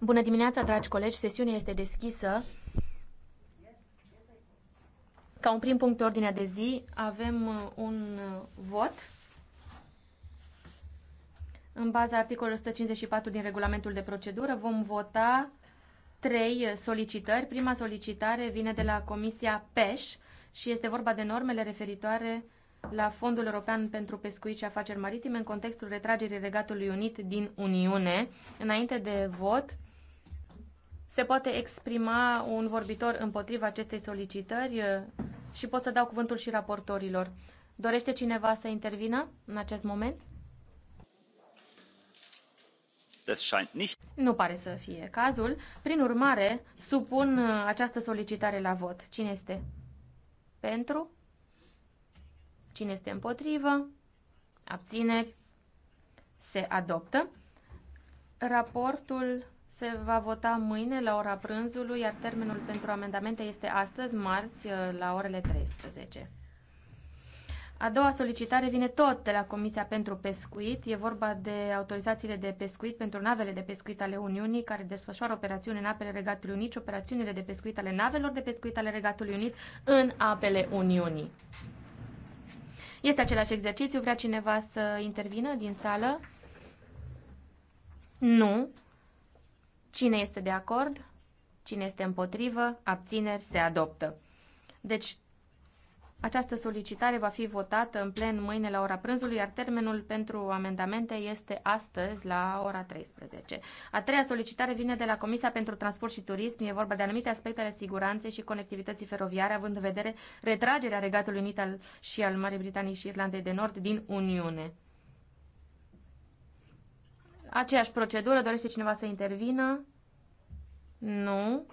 Bună dimineața, dragi colegi. Sesiunea este deschisă. Ca un prim punct pe ordinea de zi, avem uh, un uh, vot în baza articolului 154 din regulamentul de procedură. Vom vota trei solicitări. Prima solicitare vine de la Comisia PES și este vorba de normele referitoare la Fondul European pentru Pescuit și Afaceri Maritime în contextul retragerii Regatului Unit din Uniune. Înainte de vot, se poate exprima un vorbitor împotriva acestei solicitări uh, și pot să dau cuvântul și raportorilor. Dorește cineva să intervină în acest moment? Nu pare să fie cazul. Prin urmare, supun uh, această solicitare la vot. Cine este pentru? Cine este împotrivă? Abțineri? Se adoptă. Raportul se va vota mâine la ora prânzului, iar termenul pentru amendamente este astăzi, marți, la orele 13. A doua solicitare vine tot de la Comisia pentru Pescuit. E vorba de autorizațiile de pescuit pentru navele de pescuit ale Uniunii care desfășoară operațiuni în apele Regatului Unit și operațiunile de pescuit ale navelor de pescuit ale Regatului Unit în apele Uniunii. Este același exercițiu, vrea cineva să intervină din sală? Nu. Cine este de acord? Cine este împotrivă? Abțineri se adoptă. Deci această solicitare va fi votată în plen mâine la ora prânzului, iar termenul pentru amendamente este astăzi la ora 13. A treia solicitare vine de la Comisia pentru Transport și Turism. E vorba de anumite aspecte ale siguranței și conectivității feroviare, având în vedere retragerea Regatului Unit al, și al Marii Britanii și Irlandei de Nord din Uniune. Aceeași procedură, dorește cineva să intervină? Nu.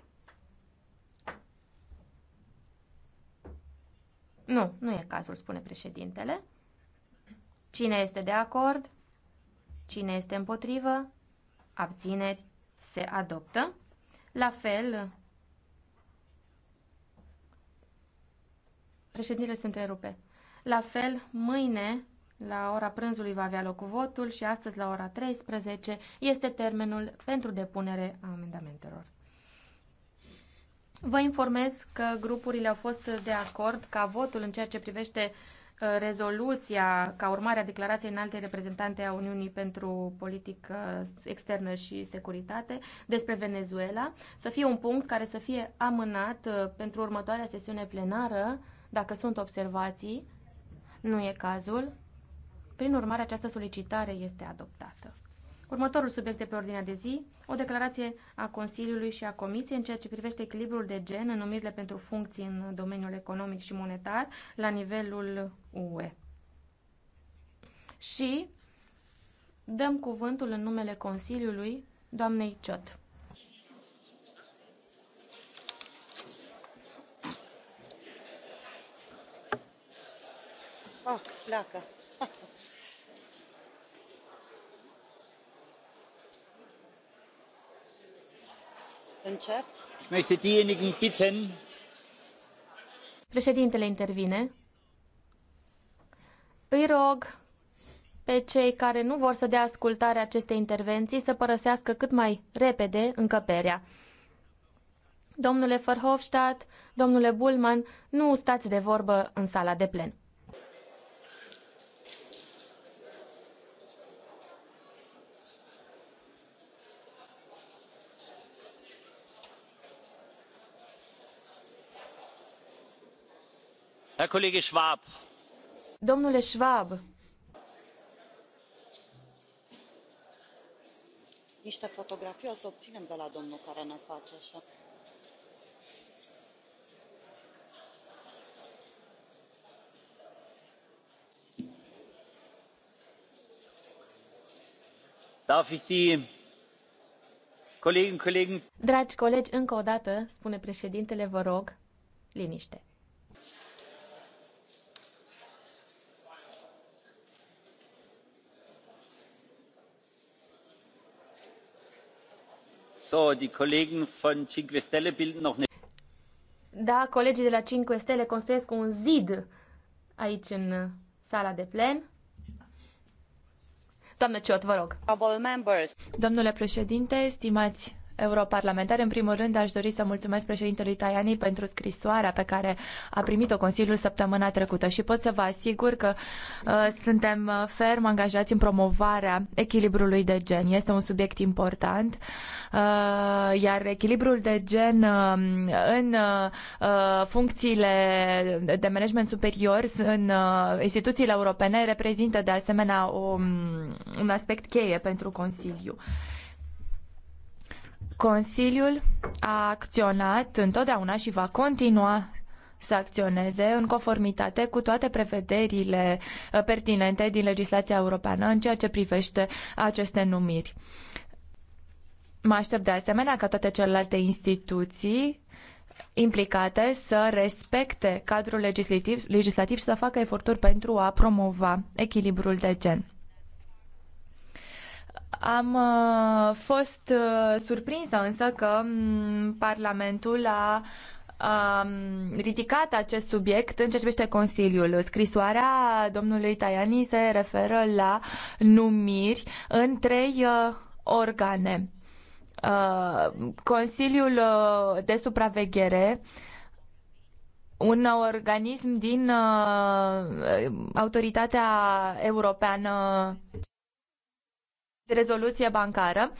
Nu, nu e cazul, spune președintele. Cine este de acord? Cine este împotrivă? Abțineri se adoptă. La fel, președintele se întrerupe. La fel, mâine, la ora prânzului, va avea loc votul și astăzi, la ora 13, este termenul pentru depunere a amendamentelor. Vă informez că grupurile au fost de acord ca votul în ceea ce privește uh, rezoluția ca urmare a declarației înalte reprezentante a Uniunii pentru politică externă și securitate despre Venezuela să fie un punct care să fie amânat uh, pentru următoarea sesiune plenară, dacă sunt observații. Nu e cazul. Prin urmare, această solicitare este adoptată. Următorul subiect de pe ordinea de zi, o declarație a Consiliului și a Comisiei în ceea ce privește echilibrul de gen în numirile pentru funcții în domeniul economic și monetar la nivelul UE. Și dăm cuvântul în numele Consiliului doamnei Ciot. Oh, pleacă. Președintele intervine. Îi rog pe cei care nu vor să dea ascultare acestei intervenții să părăsească cât mai repede încăperea. Domnule Verhofstadt, domnule Bullman, nu stați de vorbă în sala de plen. Domnule Schwab. Niște fotografii o domnul care ne face așa. Dragi colegi, încă o dată, spune președintele, vă rog, liniște. Da, colegii de la cinque Stele construiesc un zid aici în uh, sala de plen. Doamnă Ciot, vă rog. Domnule președinte, stimați europarlamentari. În primul rând, aș dori să mulțumesc președintelui Tajani pentru scrisoarea pe care a primit-o Consiliul săptămâna trecută și pot să vă asigur că uh, suntem uh, ferm angajați în promovarea echilibrului de gen. Este un subiect important, uh, iar echilibrul de gen uh, în uh, uh funcțiile de management superior în uh, instituțiile europene reprezintă de asemenea o, um, un aspect cheie pentru Consiliu. Consiliul a acționat întotdeauna și va continua să acționeze în conformitate cu toate prevederile uh, pertinente din legislația europeană în ceea ce privește aceste numiri. Mă aștept de asemenea ca toate celelalte instituții implicate să respecte cadrul legislativ, legislativ și să facă eforturi pentru a promova echilibrul de gen. Am uh, fost uh, surprinsă însă că mm, Parlamentul a ridicat acest subiect în ce privește Consiliul. Scrisoarea domnului Tajani se referă la numiri în trei uh, organe. Consiliul de supraveghere un organism din autoritatea europeană rezoluție bancară.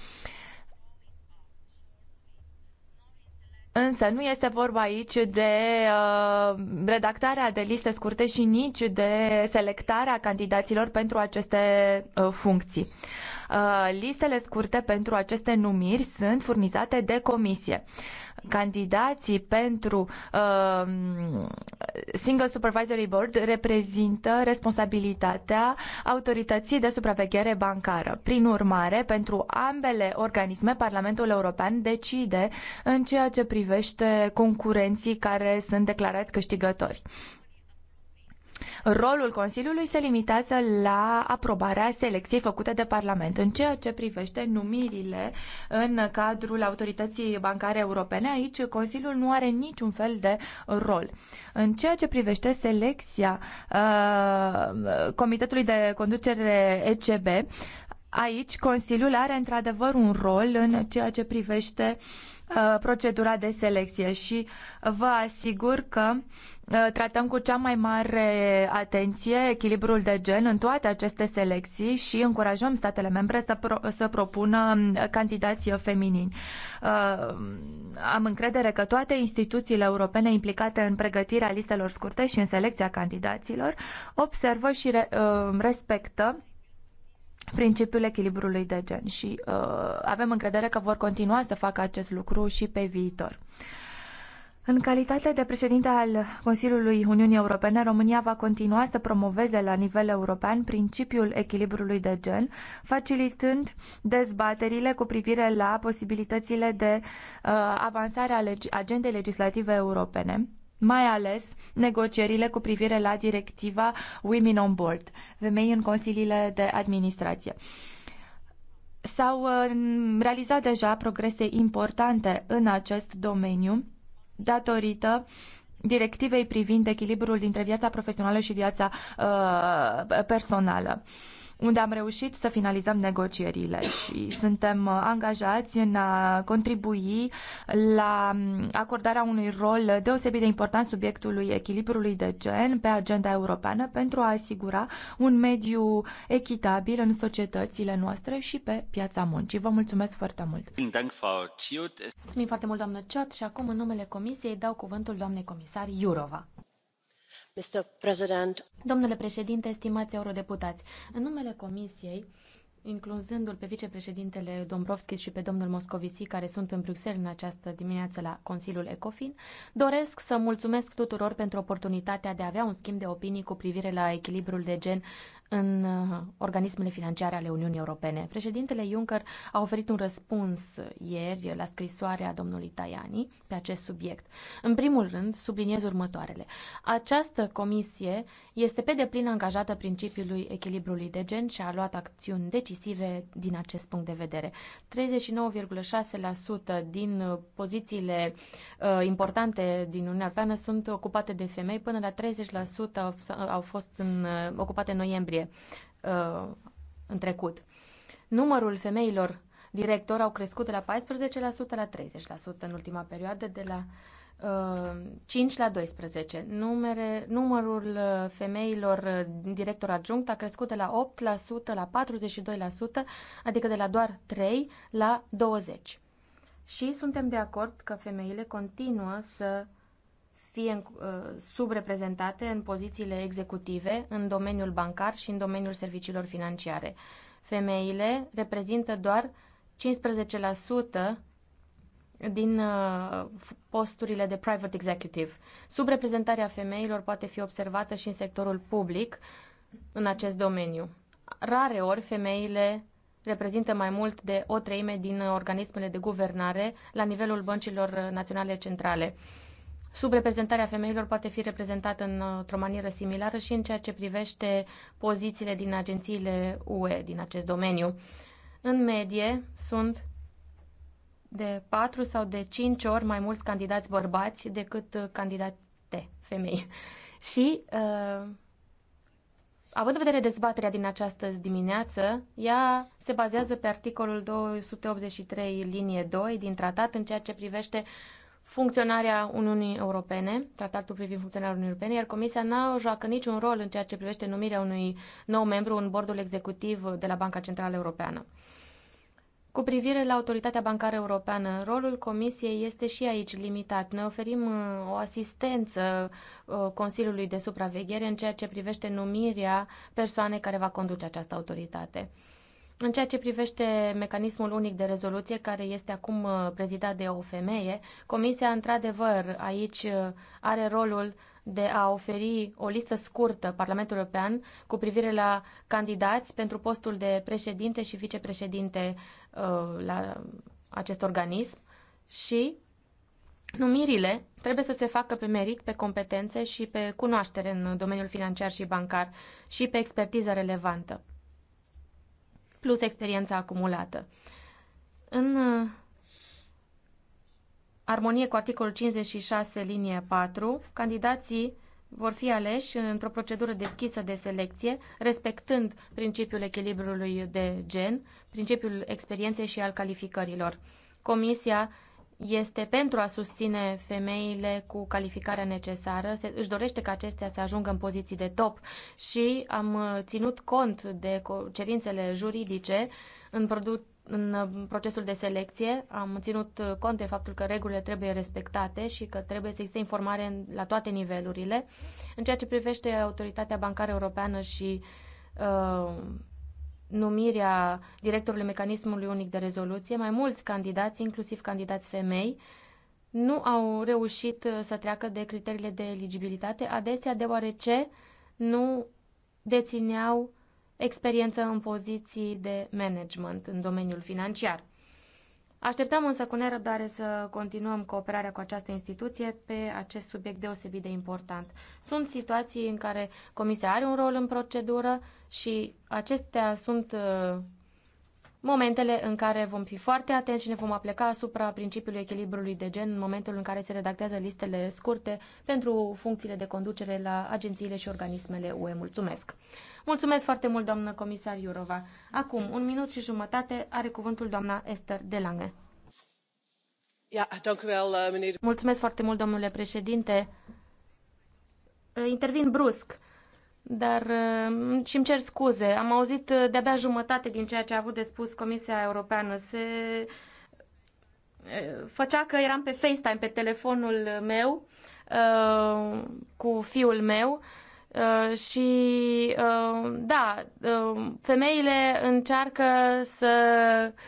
Însă nu este vorba aici de uh, redactarea de liste scurte și nici de selectarea candidaților pentru aceste uh, funcții. Uh, Uh, listele scurte pentru aceste numiri sunt furnizate de comisie candidații pentru uh, Single Supervisory Board reprezintă responsabilitatea autorității de supraveghere bancară. Prin urmare, pentru ambele organisme, Parlamentul European decide în ceea ce privește concurenții care sunt declarați câștigători rolul Consiliului se limitează la aprobarea selecției făcute de Parlament. În ceea ce privește numirile în cadrul Autorității Bancare Europene, aici Consiliul nu are niciun fel de rol. În ceea ce privește selecția uh, Comitetului de Conducere ECB, aici Consiliul are într-adevăr un rol în ceea ce privește uh, Uh, procedura de selecție și vă asigur că uh, tratăm cu cea mai mare atenție echilibrul de gen în toate aceste selecții și încurajăm statele membre să, pro- să propună um, candidații feminini. Uh, am încredere că toate instituțiile europene implicate în pregătirea listelor scurte și în selecția candidaților observă și respectă principiul echilibrului de gen și uh, avem încredere că vor continua să facă acest lucru și pe viitor. În calitate de președinte al Consiliului Uniunii Europene, România va continua să promoveze la nivel european principiul echilibrului de gen, facilitând dezbaterile cu privire la posibilitățile de uh, avansare a leg- agendei legislative europene mai ales negocierile cu privire la directiva Women on Board, femei în consiliile de administrație. S-au uh, realizat deja progrese importante în acest domeniu datorită directivei privind echilibrul dintre viața profesională și viața uh, personală. Uh, unde am reușit să finalizăm negocierile și suntem uh, angajați în a contribui la um, acordarea unui rol deosebit de important subiectului echilibrului de gen pe agenda europeană pentru a asigura un mediu echitabil în societățile noastre și pe piața muncii. Vă mulțumesc foarte mult! Mulțumim foarte mult, doamnă Ciot, și acum în numele Comisiei dau cuvântul doamnei comisar Iurova. Domnule președinte, stimați eurodeputați, în numele Comisiei, incluzându-l pe vicepreședintele Dombrovskis și pe domnul Moscovici, care sunt în Bruxelles în această dimineață la Consiliul ECOFIN, doresc să mulțumesc tuturor pentru oportunitatea de a avea un schimb de opinii cu privire la echilibrul de gen în uh, organismele financiare ale Uniunii Europene. Președintele Juncker a oferit un răspuns ieri la scrisoarea domnului Tajani pe acest subiect. În primul rând, subliniez următoarele. Această comisie este pe deplin angajată principiului echilibrului de gen și a luat acțiuni decisive din acest punct de vedere. 39,6% din uh, pozițiile uh, importante din Uniunea Europeană sunt ocupate de femei, până la 30% au fost în, uh, ocupate în noiembrie uh, în trecut. Numărul femeilor director au crescut de la 14% la 30% în ultima perioadă, de la uh, 5 la 12. Numere, numărul uh, femeilor uh, director adjunct a crescut de la 8% la 42%, adică de la doar 3 la 20. Și suntem de acord că femeile continuă să fie uh, subreprezentate în pozițiile executive, în domeniul bancar și în domeniul serviciilor financiare. Femeile reprezintă doar 15% din uh, posturile de private executive. Subreprezentarea femeilor poate fi observată și în sectorul public în acest domeniu. Rare ori femeile reprezintă mai mult de o treime din organismele de guvernare la nivelul băncilor naționale centrale subreprezentarea femeilor poate fi reprezentată într-o manieră similară și în ceea ce privește pozițiile din agențiile UE din acest domeniu. În medie sunt de 4 sau de 5 ori mai mulți candidați bărbați decât candidate femei. Și uh, având în vedere dezbaterea din această dimineață, ea se bazează pe articolul 283 linie 2 din tratat în ceea ce privește uh, funcționarea Uniunii Europene, tratatul privind funcționarea Uniunii Europene, iar Comisia nu joacă niciun rol în ceea ce privește numirea unui nou membru în bordul executiv de la Banca Centrală Europeană. Cu privire la Autoritatea Bancară Europeană, rolul Comisiei este și aici limitat. Ne oferim uh, o asistență uh, Consiliului de Supraveghere în ceea ce privește numirea persoanei care va conduce această autoritate. În ceea ce privește mecanismul unic de rezoluție, care este acum uh, prezidat de o femeie, Comisia, într-adevăr, aici uh, are rolul de a oferi o listă scurtă Parlamentului European cu privire la candidați pentru postul de președinte și vicepreședinte uh, la acest organism și Numirile trebuie să se facă pe merit, pe competențe și pe cunoaștere în domeniul financiar și bancar și pe expertiză relevantă plus experiența acumulată. În uh, armonie cu articolul 56, linie 4, candidații vor fi aleși într-o procedură deschisă de selecție, respectând principiul echilibrului de gen, principiul experienței și al calificărilor. Comisia este pentru a susține femeile cu calificarea necesară, se, își dorește ca acestea să ajungă în poziții de top și am uh, ținut cont de cerințele juridice în, produ- în uh, procesul de selecție, am ținut uh, cont de faptul că regulile trebuie respectate și că trebuie să existe informare la toate nivelurile. În ceea ce privește Autoritatea Bancară Europeană și uh, numirea directorului Mecanismului Unic de Rezoluție, mai mulți candidați, inclusiv candidați femei, nu au reușit uh, să treacă de criteriile de eligibilitate, adesea deoarece nu dețineau experiență în poziții de management în domeniul financiar. Așteptăm însă cu nerăbdare să continuăm cooperarea cu această instituție pe acest subiect deosebit de important. Sunt situații în care Comisia are un rol în procedură și acestea sunt uh, momentele în care vom fi foarte atenți și ne vom apleca asupra principiului echilibrului de gen în momentul în care se redactează listele scurte pentru funcțiile de conducere la agențiile și organismele UE. Mulțumesc! Mulțumesc foarte mult, doamnă comisar Iurova. Acum, un minut și jumătate, are cuvântul doamna Esther de Lange. Eh, Mulțumesc foarte mult, domnule președinte. Intervin brusc dar uh, și îmi cer scuze. Am auzit uh, de-abia jumătate din ceea ce a avut de spus Comisia Europeană. Se uh, făcea că eram pe FaceTime pe telefonul meu cu fiul meu Uh, și uh, da, uh, femeile încearcă să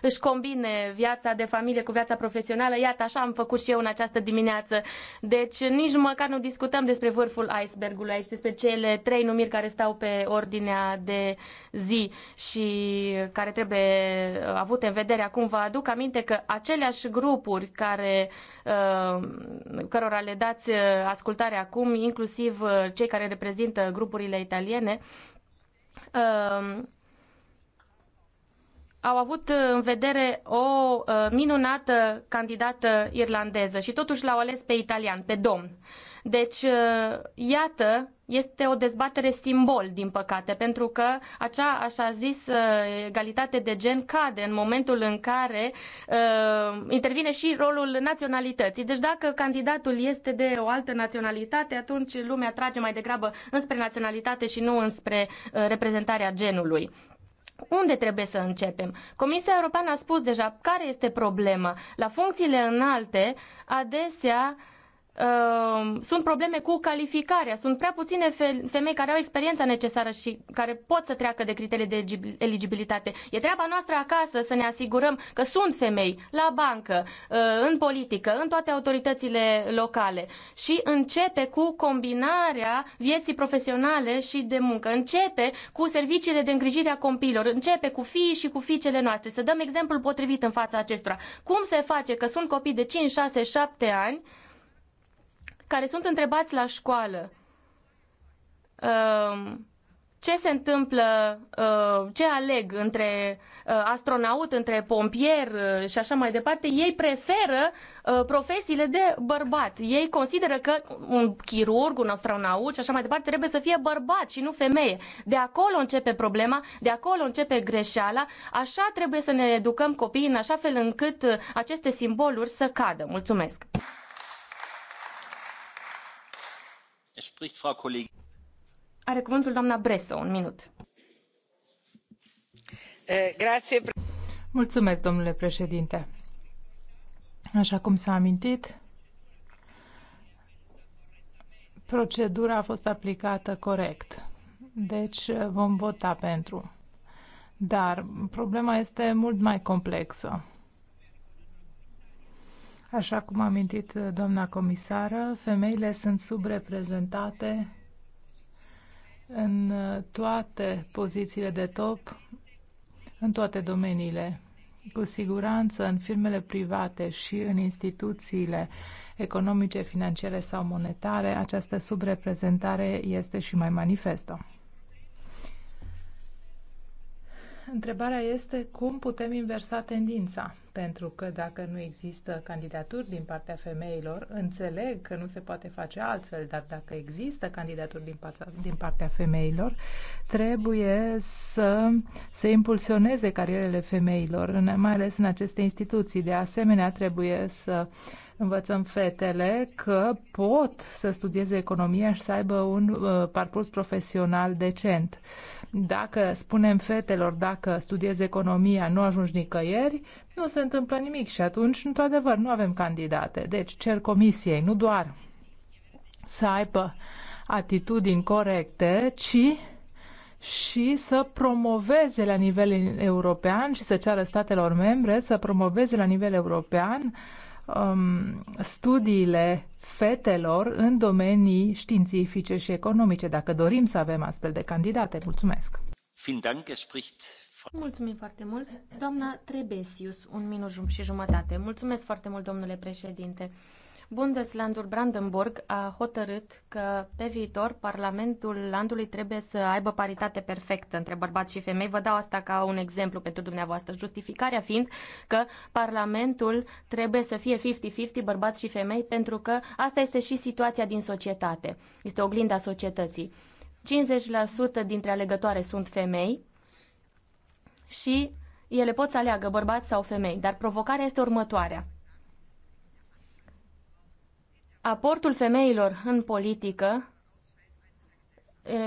își combine viața de familie cu viața profesională. Iată, așa am făcut și eu în această dimineață. Deci nici măcar nu discutăm despre vârful icebergului aici, despre cele trei numiri care stau pe ordinea de zi și care trebuie uh, avute în vedere. Acum vă aduc aminte că aceleași grupuri care, uh, cărora le dați ascultare acum, inclusiv cei care reprezintă sunt grupurile italiene, um, au avut în vedere o uh, minunată candidată irlandeză și totuși l-au ales pe italian, pe domn. Deci, uh, iată, este o dezbatere simbol, din păcate, pentru că acea așa zis uh, egalitate de gen cade în momentul în care uh, intervine și rolul naționalității. Deci dacă candidatul este de o altă naționalitate, atunci lumea trage mai degrabă înspre naționalitate și nu înspre uh, reprezentarea genului. Unde trebuie să începem? Comisia Europeană a spus deja care este problema. La funcțiile înalte, adesea uh, Ehm, sunt probleme cu calificarea. Sunt prea puține femei care au experiența necesară și care pot să treacă de criterii de eligibilitate. E treaba noastră acasă să ne asigurăm că sunt femei la bancă, eh, în politică, în toate autoritățile locale și începe cu combinarea vieții profesionale și de muncă. Începe cu serviciile de îngrijire a copiilor, începe cu fii și cu fiicele noastre. Să dăm exemplul potrivit în fața acestora. Cum se face că sunt copii de 5, 6, 7 ani care sunt întrebați la școală um, ce se întâmplă, uh, ce aleg între uh, astronaut, între pompier uh, și așa mai departe, ei preferă profesiile de bărbat. Ei consideră că un chirurg, un astronaut și așa mai departe trebuie să fie bărbat și nu femeie. De acolo începe problema, de acolo începe greșeala. Așa trebuie să ne educăm copiii în așa fel încât aceste simboluri să cadă. Mulțumesc! Er Are Bresso, un minut. Eh, Mulțumesc, domnule președinte. Așa cum s-a amintit, procedura a fost aplicată corect. Deci eh, vom vota pentru. Dar problema este mult mai complexă. Așa cum a amintit uh, doamna comisară, femeile sunt subreprezentate în uh, toate pozițiile de top, în toate domeniile. Cu siguranță în firmele private și în instituțiile economice, financiare sau monetare, această subreprezentare este și mai manifestă. Întrebarea este cum putem inversa tendința pentru că dacă nu există candidaturi din partea femeilor, înțeleg că nu se poate face altfel, dar dacă există candidaturi din, parța, din partea femeilor, trebuie să se impulsioneze carierele femeilor, mai ales în aceste instituții. De asemenea, trebuie să învățăm fetele că pot să studieze economia și să aibă un uh, parcurs profesional decent dacă spunem fetelor, dacă studiezi economia, nu ajungi nicăieri, nu se întâmplă nimic și atunci, într-adevăr, nu avem candidate. Deci cer comisiei, nu doar să aibă atitudini corecte, ci și să promoveze la nivel european și să ceară statelor membre să promoveze la nivel european uh, um, studiile fetelor în domenii științifice și economice, dacă dorim să avem astfel de candidate. Mulțumesc! Mulțumim foarte mult. Doamna Trebesius, un minut și jumătate. Mulțumesc foarte mult, domnule președinte. Bundeslandul Brandenburg a hotărât că pe viitor Parlamentul landului trebuie să aibă paritate perfectă între bărbați și femei. Vă dau asta ca un exemplu pentru dumneavoastră. Justificarea fiind că Parlamentul trebuie să fie 50-50 bărbați și femei pentru că asta este și situația din societate. Este oglinda societății. 50% dintre alegătoare sunt femei și ele pot să aleagă bărbați sau femei, dar provocarea este următoarea aportul femeilor în politică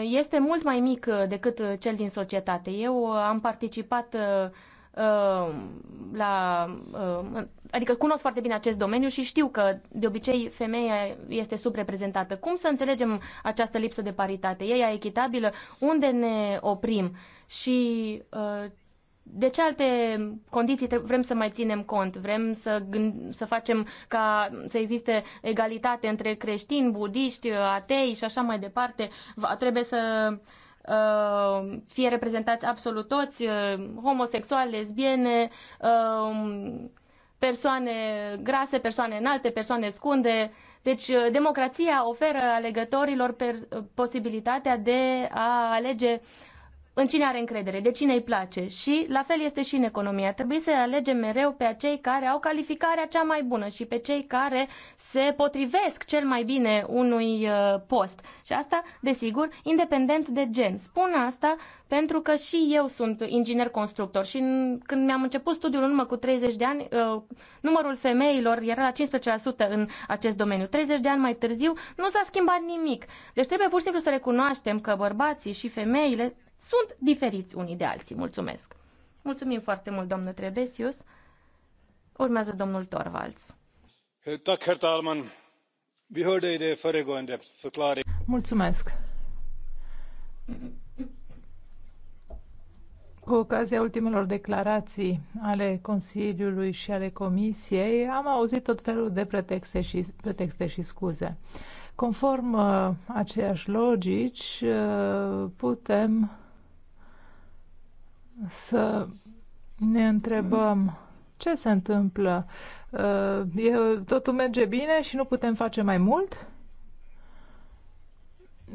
este mult mai mic uh, decât uh, cel din societate. Eu uh, am participat la. adică cunosc foarte bine acest domeniu și știu că de obicei femeia este subreprezentată. Cum să înțelegem această lipsă de paritate? E echitabilă? Unde ne oprim? Și de ce alte condiții vrem să mai ținem cont? Vrem să, gând, să facem ca să existe egalitate între creștini, budiști, atei și așa mai departe? Va, trebuie să uh, fie reprezentați absolut toți, uh, homosexuali, lesbiene, uh, persoane grase, persoane înalte, persoane scunde. Deci uh, democrația oferă alegătorilor per, posibilitatea de a alege în cine are încredere, de cine îi place. Și la fel este și în economia. Trebuie să alegem mereu pe acei care au calificarea cea mai bună și pe cei care se potrivesc cel mai bine unui uh, post. Și asta, desigur, independent de gen. Spun asta pentru că și eu sunt inginer constructor și când mi-am început studiul în urmă cu 30 de ani, uh, numărul femeilor era la 15% în acest domeniu. 30 de ani mai târziu nu s-a schimbat nimic. Deci trebuie pur și simplu să recunoaștem că bărbații și femeile sunt diferiți unii de alții. Mulțumesc! Mulțumim foarte mult, domnul Trebesius. Urmează domnul Torvalds. Mulțumesc! Cu ocazia ultimelor declarații ale Consiliului și ale Comisiei, am auzit tot felul de pretexte și, pretexte și scuze. Conform uh, aceeași logici, uh, putem să ne întrebăm ce se întâmplă. Uh, e, totul merge bine și nu putem face mai mult?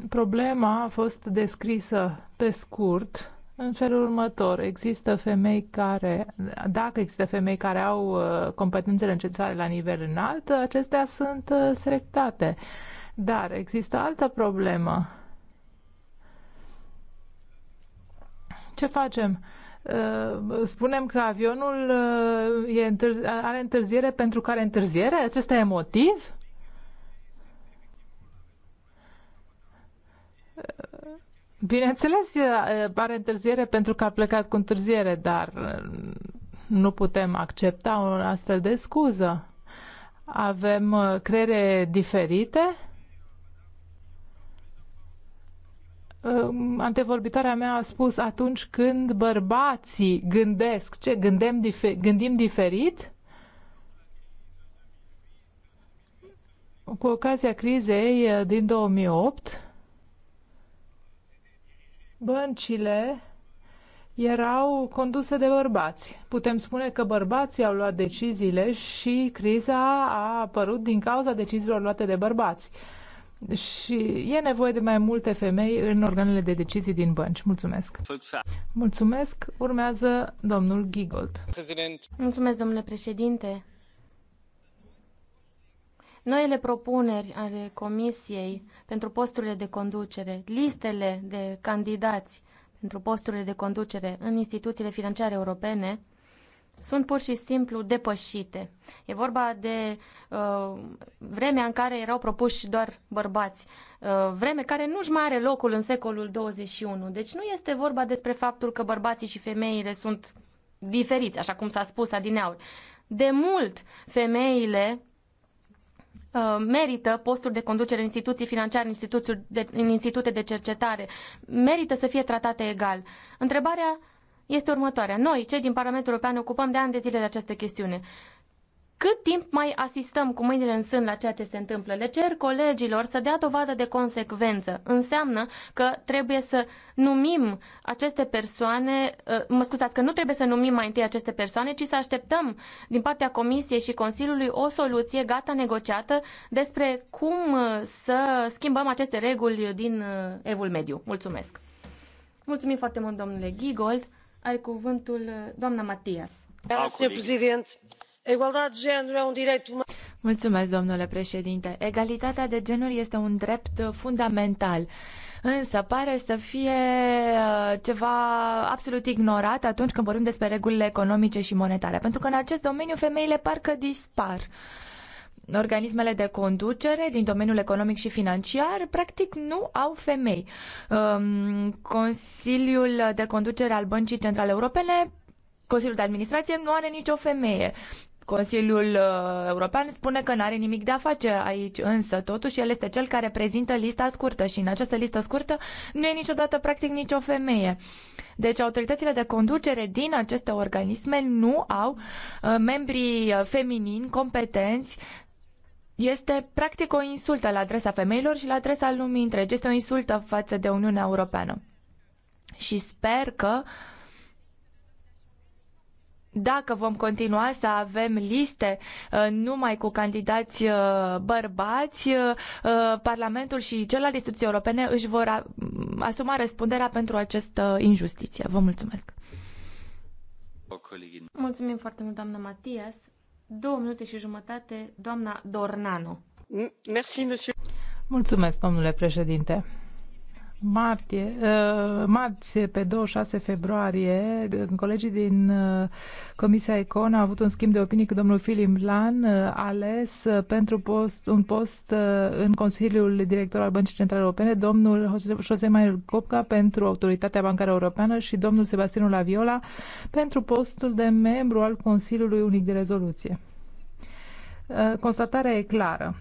Problema a fost descrisă pe scurt în felul următor. Există femei care, dacă există femei care au uh, competențele necesare la nivel înalt, acestea sunt uh, selectate. Dar există altă problemă Ce facem? Uh, spunem că avionul uh, e întârzi- are întârziere pentru care întârziere? Acesta e motiv? Uh, bineînțeles, are întârziere pentru că a plecat cu întârziere, dar nu putem accepta o astfel de scuză. Avem creiere diferite antevorbitoarea mea a spus atunci când bărbații gândesc, ce gândim, dife- gândim diferit, cu ocazia crizei eh, din 2008, băncile erau conduse de bărbați. Putem spune că bărbații au luat deciziile și criza a apărut din cauza deciziilor luate de bărbați. Uh, și e nevoie de mai multe femei în organele de decizii din bănci. Mulțumesc! Mulțumesc! Urmează domnul Gigold. President. Mulțumesc, domnule președinte! Noile propuneri ale Comisiei pentru posturile de conducere, listele de candidați pentru posturile de conducere în instituțiile financiare europene, sunt pur și simplu depășite. E vorba de uh, vremea în care erau propuși doar bărbați, uh, vreme care nu-și mai are locul în secolul 21. Deci nu este vorba despre faptul că bărbații și femeile sunt diferiți, așa cum s-a spus adineauri. De mult, femeile uh, merită posturi de conducere în instituții financiare, în, de, în institute de cercetare, merită să fie tratate egal. Întrebarea este următoarea. Noi, cei din Parlamentul European, ne ocupăm de ani de zile de această chestiune. Cât timp mai asistăm cu mâinile în sân la ceea ce se întâmplă? Le cer colegilor să dea dovadă de consecvență. Înseamnă că trebuie să numim aceste persoane, uh, mă scuzați, că nu trebuie să numim mai întâi aceste persoane, ci să așteptăm din partea Comisiei și Consiliului o soluție gata negociată despre cum uh, să schimbăm aceste reguli din uh, Evul Mediu. Mulțumesc! Mulțumim foarte mult, domnule Gigold. Uh, domnule președinte. Egalitatea de genuri este un drept uh, fundamental însă pare să fie uh, ceva absolut ignorat atunci când vorbim despre regulile economice și monetare, pentru că în acest domeniu femeile parcă dispar organismele de conducere din domeniul economic și financiar practic nu au femei. Um, Consiliul de conducere al Băncii Centrale Europene, Consiliul de Administrație nu are nicio femeie. Consiliul uh, European spune că nu are nimic de a face aici, însă totuși el este cel care prezintă lista scurtă și în această listă scurtă nu e niciodată practic nicio femeie. Deci autoritățile de conducere din aceste organisme nu au uh, membrii uh, feminini competenți este practic o insultă la adresa femeilor și la adresa lumii întregi. Este o insultă față de Uniunea Europeană. Și sper că dacă vom continua să avem liste uh, numai cu candidați uh, bărbați, uh, Parlamentul și celelalte instituții europene își vor mm, asuma răspunderea pentru această injustiție. Vă mulțumesc! Mulțumim foarte mult, doamna Matias. Două minute și jumătate, doamna Dornano. Mulțumesc, domnule președinte martie, uh, marți, pe 26 februarie, uh, colegii din uh, Comisia Econ au avut un schimb de opinii cu domnul Filim Lan, ales pentru post, un post în Consiliul Director al Băncii Centrale Europene, domnul Jose Maier Copca pentru Autoritatea Bancară Europeană și domnul Sebastian Laviola pentru postul de membru al Consiliului Unic de Rezoluție. Constatarea e clară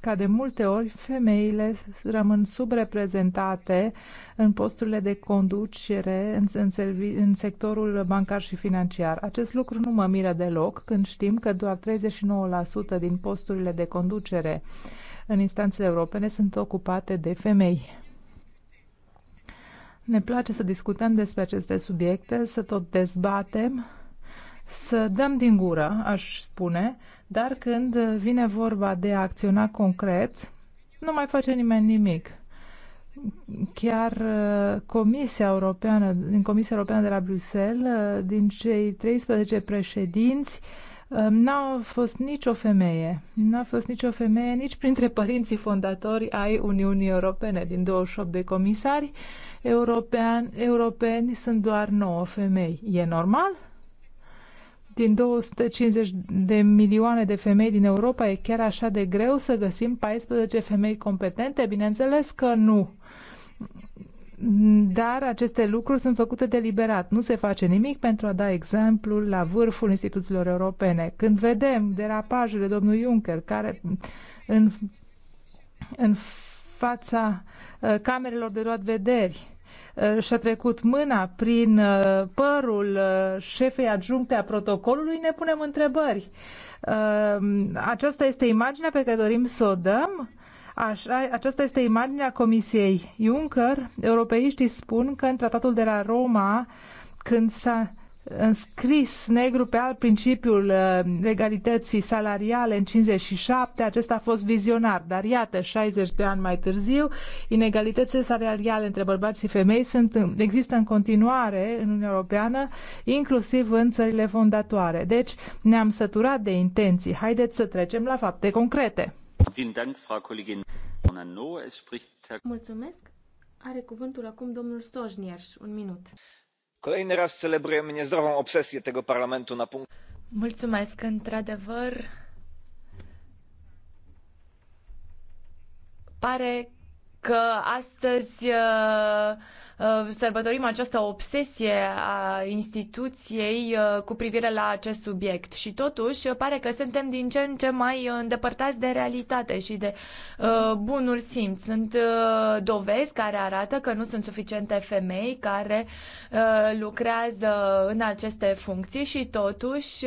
ca de multe ori femeile rămân subreprezentate în posturile de conducere în, în, servi, în sectorul bancar și financiar. Acest lucru nu mă miră deloc când știm că doar 39% din posturile de conducere în instanțele europene sunt ocupate de femei. Ne place să discutăm despre aceste subiecte, să tot dezbatem, să dăm din gură, aș spune, dar când vine vorba de a acționa concret, nu mai face nimeni nimic. Chiar uh, Comisia Europeană, din Comisia Europeană de la Bruxelles, uh, din cei 13 președinți, uh, n-a fost nicio femeie. N-a fost nicio femeie nici printre părinții fondatori ai Uniunii Europene. Din 28 de comisari european, europeni sunt doar 9 femei. E normal? din 250 de milioane de femei din Europa, e chiar așa de greu să găsim 14 femei competente? Bineînțeles că nu. Dar aceste lucruri sunt făcute deliberat. Nu se face nimic pentru a da exemplu la vârful instituțiilor europene. Când vedem derapajele domnului Juncker, care în, în fața uh, camerelor de luat vederi, Uh, și-a trecut mâna prin uh, părul uh, șefei adjuncte a protocolului, ne punem întrebări. Aceasta este imaginea pe care dorim să o dăm? Așa, aceasta este imaginea Comisiei Juncker. Europeiștii spun că în tratatul de la Roma, când s-a înscris negru pe alt principiul legalității uh, salariale în 57, acesta a fost vizionar, dar iată, 60 de ani mai târziu, inegalitățile salariale între bărbați și femei sunt, există în continuare în Uniunea Europeană, inclusiv în țările fondatoare. Deci ne-am săturat de intenții. Haideți să trecem la fapte concrete. Mulțumesc. Are cuvântul acum domnul Sojniers. Un minut kolejny raz celebrujemy niezdrową obsesję tego parlamentu na punkt. Mulțumesc, într-adevăr. Pare că astăzi uh, uh, sărbătorim această obsesie a instituției uh, cu privire la acest subiect și totuși pare că suntem din ce în ce mai îndepărtați de realitate și de bunul simț. Sunt dovezi care arată că nu sunt suficiente femei care lucrează în aceste funcții și totuși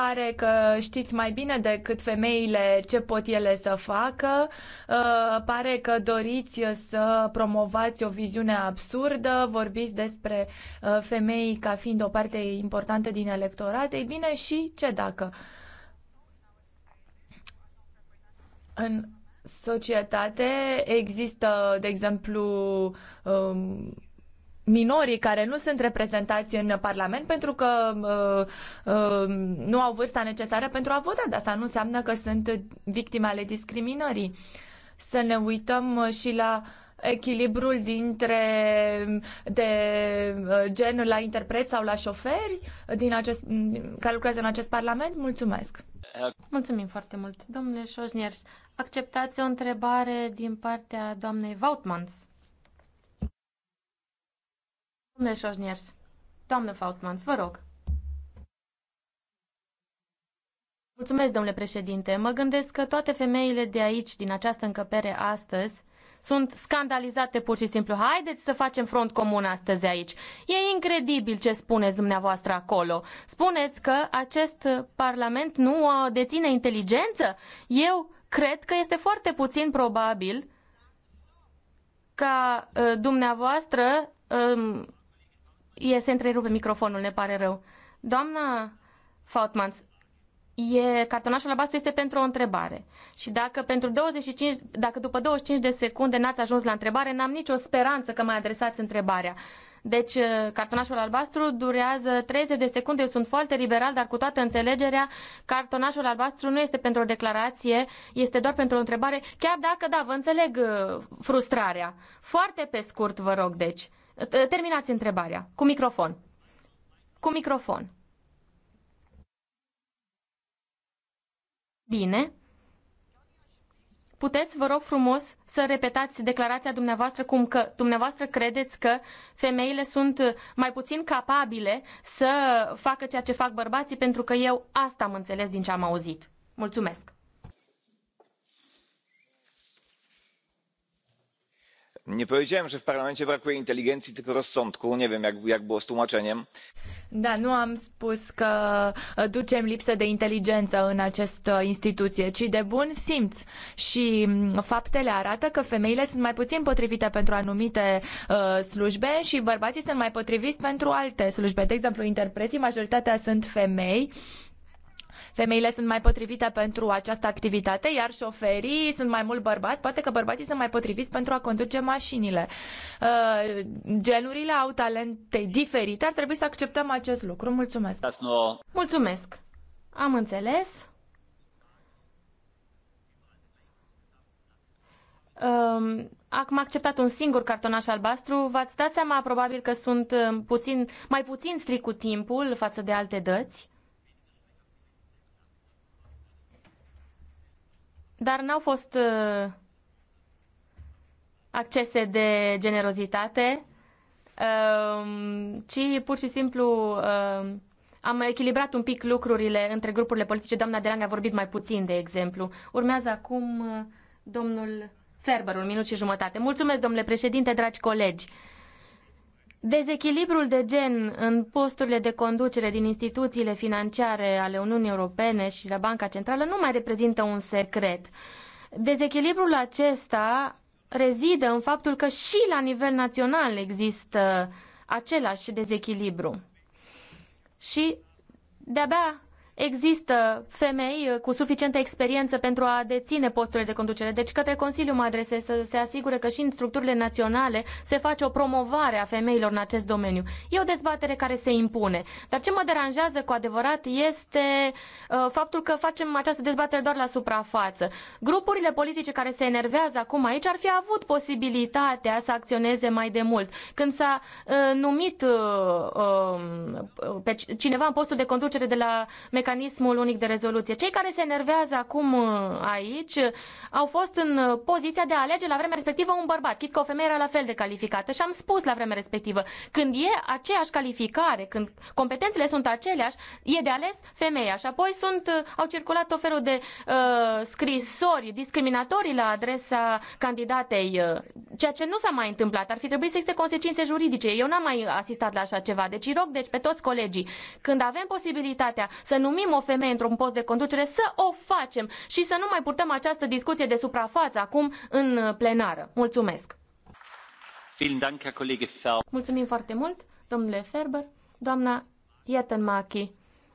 pare că știți mai bine decât femeile ce pot ele să facă, uh, pare că doriți să promovați o viziune absurdă, vorbiți despre uh, femei ca fiind o parte importantă din electorat, ei bine și ce dacă? În societate există, de exemplu, um, minorii care nu sunt reprezentați în Parlament pentru că uh, uh, nu au vârsta necesară pentru a vota, dar asta nu înseamnă că sunt victime ale discriminării. Să ne uităm uh, și la echilibrul dintre de uh, gen la interpret sau la șoferi din acest, care lucrează în acest Parlament? Mulțumesc! Mulțumim foarte mult, domnule Șoșniers. Acceptați o întrebare din partea doamnei Vautmans. Domnule Șoșniers, doamnă Fautmans, vă rog. Mulțumesc, domnule președinte. Mă gândesc că toate femeile de aici, din această încăpere astăzi, sunt scandalizate pur și simplu. Haideți să facem front comun astăzi aici. E incredibil ce spuneți dumneavoastră acolo. Spuneți că acest parlament nu deține inteligență? Eu cred că este foarte puțin probabil ca uh, dumneavoastră um, E, se întrerupe microfonul, ne pare rău. Doamna Fautmans, e, cartonașul albastru este pentru o întrebare. Și dacă, pentru 25, dacă după 25 de secunde n-ați ajuns la întrebare, n-am nicio speranță că mai adresați întrebarea. Deci, uh, cartonașul albastru durează 30 de secunde. Eu sunt foarte liberal, dar cu toată înțelegerea, cartonașul albastru nu este pentru o declarație, este doar pentru o întrebare, chiar dacă, da, vă înțeleg uh, frustrarea. Foarte pe scurt, vă rog, deci. Terminați întrebarea. Cu microfon. Cu microfon. Bine. Puteți, vă rog frumos, să repetați declarația dumneavoastră cum că dumneavoastră credeți că femeile sunt mai puțin capabile să facă ceea ce fac bărbații pentru că eu asta am înțeles din ce am auzit. Mulțumesc. Nie powiedziałem, że w parlamencie brakuje inteligencji, tylko rozsądku. Nie wiem, jak, było z tłumaczeniem. Da, nu am spus că ducem lipsă de inteligență în această instituție, ci de bun simț. Și faptele arată că femeile sunt mai puțin potrivite pentru anumite uh, slujbe și bărbații sunt mai potriviți pentru alte slujbe. De exemplu, interpreții, majoritatea sunt femei. Uh, Femeile sunt mai potrivite pentru această activitate, iar șoferii sunt mai mult bărbați. Poate că bărbații sunt mai potriviți pentru a conduce mașinile. Uh, genurile au talente diferite. Ar trebui să acceptăm acest lucru. Mulțumesc! Mulțumesc! Am înțeles. Um, am acceptat un singur cartonaș albastru. V-ați dat seama probabil că sunt um, puțin, mai puțin stric cu timpul față de alte dăți. dar n-au fost uh, accese de generozitate, um, ci pur și simplu um, am echilibrat un pic lucrurile între grupurile politice. Doamna Delang a vorbit mai puțin, de exemplu. Urmează acum uh, domnul Ferber, un minut și jumătate. Mulțumesc, domnule președinte, dragi colegi. Dezechilibrul de gen în posturile de conducere din instituțiile financiare ale Uniunii Europene și la Banca Centrală nu mai reprezintă un secret. Dezechilibrul acesta rezidă în faptul că și la nivel național există același dezechilibru. Și de-abia există femei uh, cu suficientă experiență pentru a deține posturile de conducere. Deci către Consiliu mă adresez să se asigure că și în structurile naționale se face o promovare a femeilor în acest domeniu. E o dezbatere care se impune. Dar ce mă deranjează cu adevărat este uh, faptul că facem această dezbatere doar la suprafață. Grupurile politice care se enervează acum aici ar fi avut posibilitatea să acționeze mai de mult. Când s-a uh, numit um, pe cineva în postul de conducere de la mecanismul unic de rezoluție. Cei care se enervează acum uh, aici uh, au fost în uh, poziția de a alege la vremea respectivă un bărbat, chit că o femeie era la fel de calificată și am spus la vremea respectivă, când e aceeași calificare, când competențele sunt aceleași, e de ales femeia și apoi sunt, au circulat tot felul de uh, scrisori discriminatorii la adresa candidatei, uh, ceea ce nu s-a mai întâmplat. Ar fi trebuit să existe consecințe juridice. Eu n-am mai asistat la așa ceva. Deci rog deci pe toți colegii, când avem posibilitatea să nu numim o femeie într-un post de conducere, să o facem și să nu mai purtăm această discuție de suprafață acum în plenară. Mulțumesc! Mulțumim foarte mult, domnule Ferber. Doamna Iatenmachi,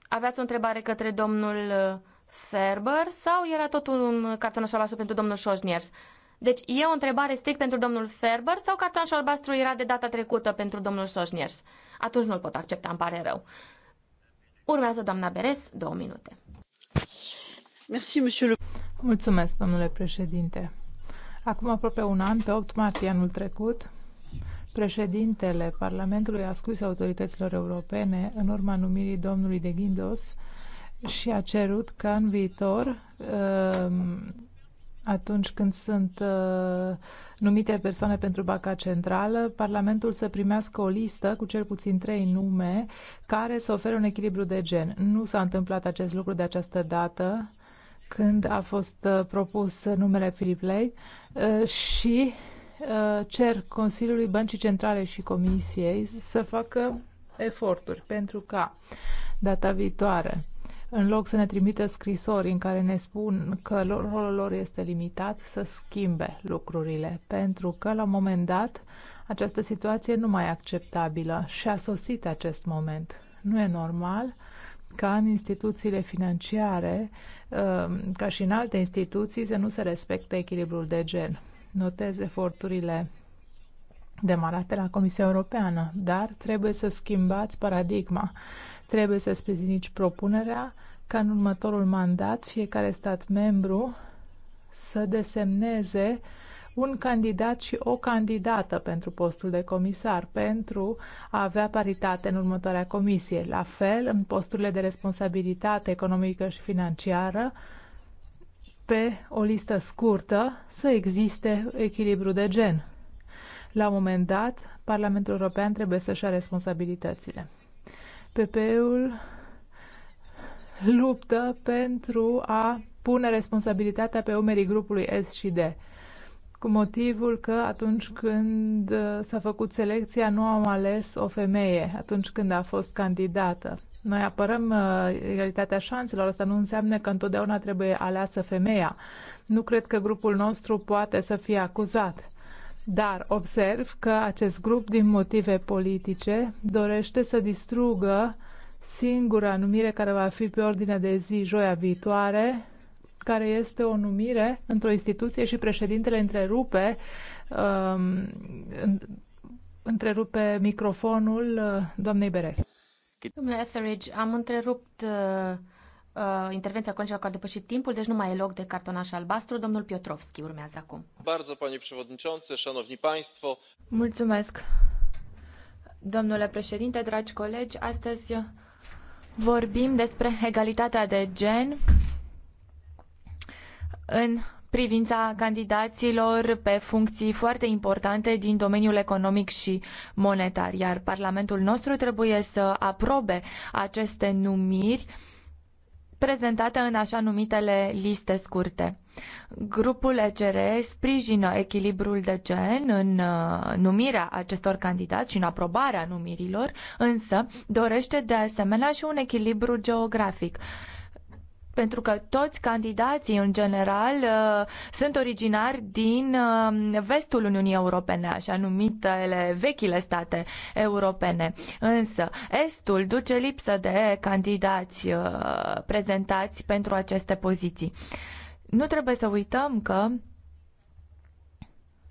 aveați o întrebare către domnul uh, Ferber sau era tot un cartonaș albastru pentru domnul Șoșniers? Deci e o întrebare strict pentru domnul Ferber sau cartonașul albastru era de data trecută pentru domnul Soșniers? Atunci nu-l pot accepta, îmi pare rău. Urmează doamna Beres, două minute. Mulțumesc, domnule președinte. Acum aproape un an, pe 8 martie anul trecut, președintele Parlamentului a scris autorităților europene în urma numirii domnului de Guindos și a cerut ca în viitor uh, atunci când sunt uh, numite persoane pentru Banca Centrală, Parlamentul să primească o listă cu cel puțin trei nume care să ofere un echilibru de gen. Nu s-a întâmplat acest lucru de această dată când a fost uh, propus numele Philip Lay uh, și uh, cer Consiliului Băncii Centrale și Comisiei să facă eforturi pentru ca data viitoare în loc să ne trimită scrisori în care ne spun că rolul lor este limitat, să schimbe lucrurile, pentru că la un moment dat această situație nu mai e acceptabilă și a sosit acest moment. Nu e normal ca în instituțiile financiare, um, ca și în alte instituții, să nu se respecte echilibrul de gen. Notez eforturile demarate la Comisia Europeană, dar trebuie să schimbați paradigma Trebuie să sprijiniți propunerea ca în următorul mandat fiecare stat membru să desemneze un candidat și o candidată pentru postul de comisar, pentru a avea paritate în următoarea comisie. La fel, în posturile de responsabilitate economică și financiară, pe o listă scurtă, să existe echilibru de gen. La un moment dat, Parlamentul European trebuie să-și ia responsabilitățile. PP-ul luptă pentru a pune responsabilitatea pe umerii grupului S și D cu motivul că atunci când uh, s-a făcut selecția nu am ales o femeie atunci când a fost candidată. Noi apărăm uh, egalitatea șanselor, asta nu înseamnă că întotdeauna trebuie aleasă femeia. Nu cred că grupul nostru poate să fie acuzat dar observ că acest grup, din motive politice, dorește să distrugă singura numire care va fi pe ordinea de zi joia viitoare, care este o numire într-o instituție și președintele întrerupe, um, întrerupe microfonul uh, doamnei Beres. Domnule Etheridge, am întrerupt uh, uh, intervenția colegilor care au depășit timpul, deci nu mai e loc de cartonaș albastru. Domnul Piotrovski urmează acum. Bardzo, panie przewodniczący, szanowni państwo. Mulțumesc. Domnule președinte, dragi colegi, astăzi vorbim despre egalitatea de gen în privința candidaților pe funcții foarte importante din domeniul economic și monetar, iar Parlamentul nostru trebuie să aprobe aceste numiri uh, prezentate în așa numitele liste scurte. Grupul ECR sprijină echilibrul de gen în uh, numirea acestor candidați și în aprobarea numirilor, însă dorește de asemenea și un echilibru geografic pentru că toți candidații, în general, uh, sunt originari din uh, vestul Uniunii Europene, așa numitele vechile state europene. Însă, estul duce lipsă de candidați uh, prezentați pentru aceste poziții. Nu trebuie să uităm că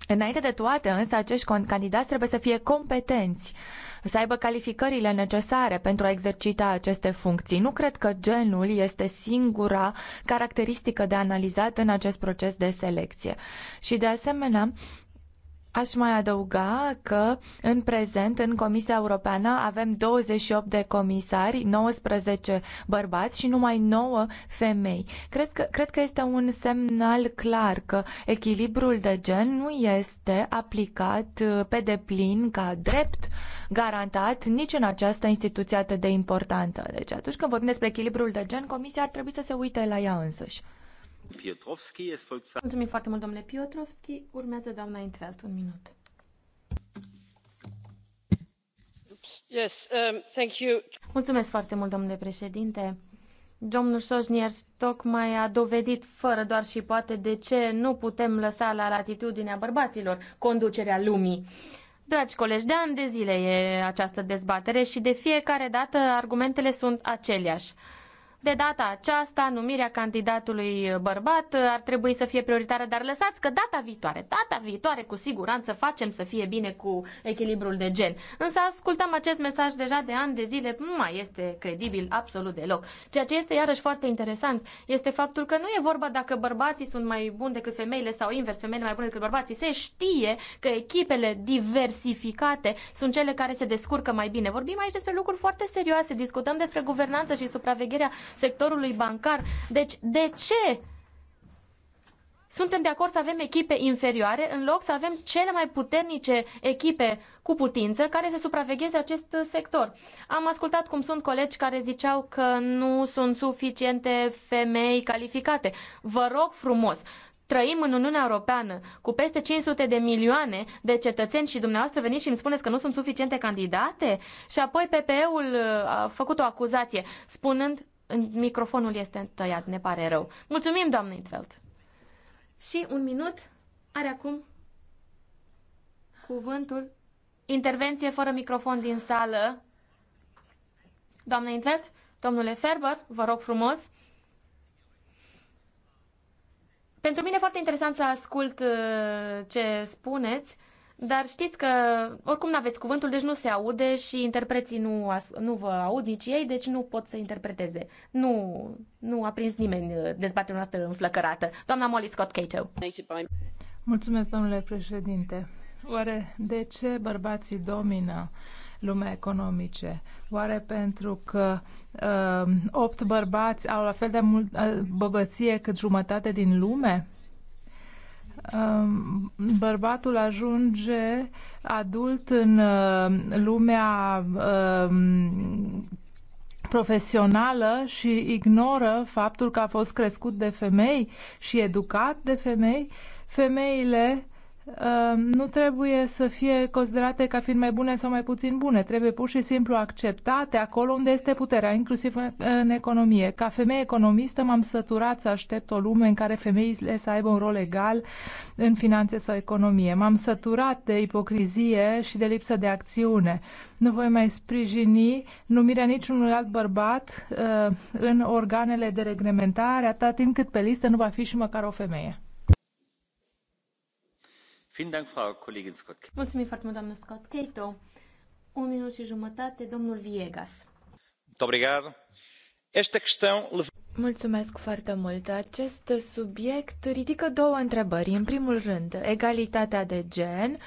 Înainte de toate, însă, acești candidați trebuie să fie competenți. Uh, să aibă calificările necesare pentru a exercita aceste funcții. Nu cred că genul este singura caracteristică de analizat în acest proces de selecție. Și de asemenea, Aș mai adăuga că în prezent în Comisia Europeană avem 28 de comisari, 19 bărbați și numai 9 femei. Cred că, cred că este un semnal clar că echilibrul de gen nu este aplicat uh, pe deplin ca drept garantat nici în această instituție atât de importantă. Deci atunci când vorbim despre echilibrul de gen, Comisia ar trebui să se uite la ea însăși. Mulțumim foarte mult, domnule un minut. Um, Mulțumesc foarte mult, domnule președinte. Domnul Sosniers tocmai a dovedit fără doar și poate de ce nu putem lăsa la latitudinea bărbaților conducerea lumii. Dragi colegi, de ani de zile e această dezbatere și de fiecare dată argumentele sunt aceleași. De data aceasta, numirea candidatului bărbat ar trebui să fie prioritară, dar lăsați că data viitoare, data viitoare cu siguranță facem să fie bine cu echilibrul de gen. Însă ascultăm acest mesaj deja de ani de zile, nu mai este credibil absolut deloc. Ceea ce este iarăși foarte interesant este faptul că nu e vorba dacă bărbații sunt mai buni decât femeile sau invers, femeile mai bune decât bărbații. Se știe că echipele diversificate sunt cele care se descurcă mai bine. Vorbim aici despre lucruri foarte serioase, discutăm despre guvernanță și supravegherea sectorului bancar. Deci, de ce suntem de acord să avem echipe inferioare în loc să avem cele mai puternice echipe cu putință care să supravegheze acest sector. Am ascultat cum sunt colegi care ziceau că nu sunt suficiente femei calificate. Vă rog frumos, trăim în Uniunea Europeană cu peste 500 de milioane de cetățeni și dumneavoastră veniți și îmi spuneți că nu sunt suficiente candidate? Și apoi PPE-ul uh, a făcut o acuzație spunând Microfonul este tăiat, ne pare rău. Mulțumim, doamnă Intveld. Și un minut are acum cuvântul intervenție fără microfon din sală. Doamna Intveld, domnule Ferber, vă rog frumos. Pentru mine e foarte interesant să ascult uh, ce spuneți dar știți că oricum nu aveți cuvântul, deci nu se aude și interpreții nu, nu vă aud nici ei, deci nu pot să interpreteze. Nu, nu a prins nimeni uh, dezbaterea noastră înflăcărată. Doamna Molly Scott Cato. Mulțumesc, domnule președinte. Oare de ce bărbații domină lumea economice? Oare pentru că uh, opt bărbați au la fel de mult uh, bogăție cât jumătate din lume? Um, bărbatul ajunge adult în uh, lumea um, profesională și ignoră faptul că a fost crescut de femei și educat de femei, femeile Ehm, nu trebuie să fie considerate ca fiind mai bune sau mai puțin bune. Trebuie pur și simplu acceptate acolo unde este puterea, inclusiv în economie. Ca femeie economistă m-am săturat să aștept o lume în care femeile să aibă un rol egal în finanțe sau economie. M-am săturat de ipocrizie și de lipsă de acțiune. Nu voi mai sprijini numirea niciunui alt bărbat ehm, în organele de reglementare atâta timp cât pe listă nu va fi și măcar o femeie. Mulțumim foarte mult, Scott Un minut și jumătate, domnul Viegas. Mulțumesc foarte mult. Acest subiect ridică două întrebări. În primul rând, egalitatea de gen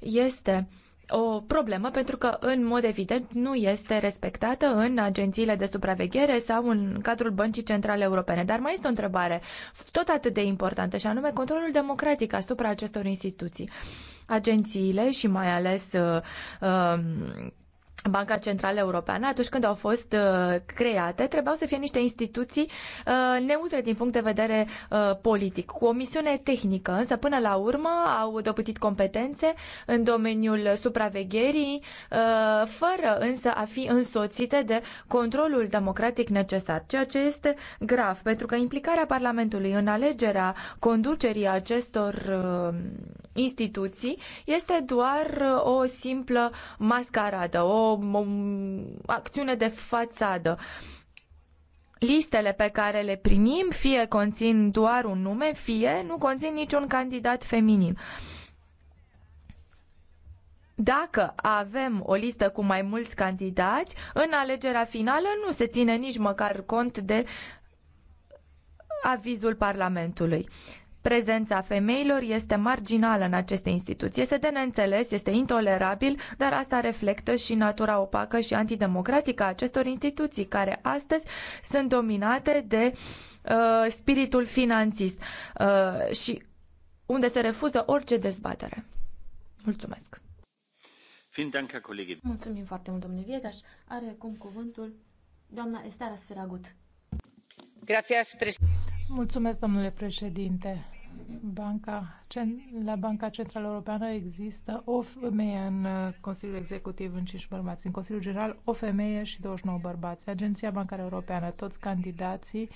este o problemă pentru că, în mod evident, nu este respectată în agențiile de supraveghere sau în cadrul Băncii Centrale Europene. Dar mai este o întrebare tot atât de importantă și anume controlul democratic asupra acestor instituții. Agențiile și mai ales uh, uh, Banca Centrală Europeană, atunci când au fost uh, create, trebuiau să fie niște instituții uh, neutre din punct de vedere uh, politic, cu o misiune tehnică, însă până la urmă au dobândit competențe în domeniul supravegherii, uh, fără însă a fi însoțite de controlul democratic necesar, ceea ce este grav, pentru că implicarea Parlamentului în alegerea conducerii acestor uh, instituții este doar uh, o simplă mascaradă, o, o acțiune de fațadă. Listele pe care le primim fie conțin doar un nume, fie nu conțin niciun candidat feminin. Dacă avem o listă cu mai mulți candidați, în alegerea finală nu se ține nici măcar cont de avizul Parlamentului prezența femeilor este marginală în aceste instituții. Este de neînțeles, este intolerabil, dar asta reflectă și natura opacă și antidemocratică a acestor instituții, care astăzi sunt dominate de uh, spiritul finanțist uh, și unde se refuză orice dezbatere. Mulțumesc! Mulțumim foarte mult, domnule Viegaș. Are acum cuvântul doamna Estara Sferagut Mulțumesc, domnule președinte. Banca la Banca Centrală Europeană există o femeie în uh, Consiliul Executiv în 5 bărbați. În Consiliul General o femeie și 29 bărbați. Agenția Bancară Europeană, toți candidații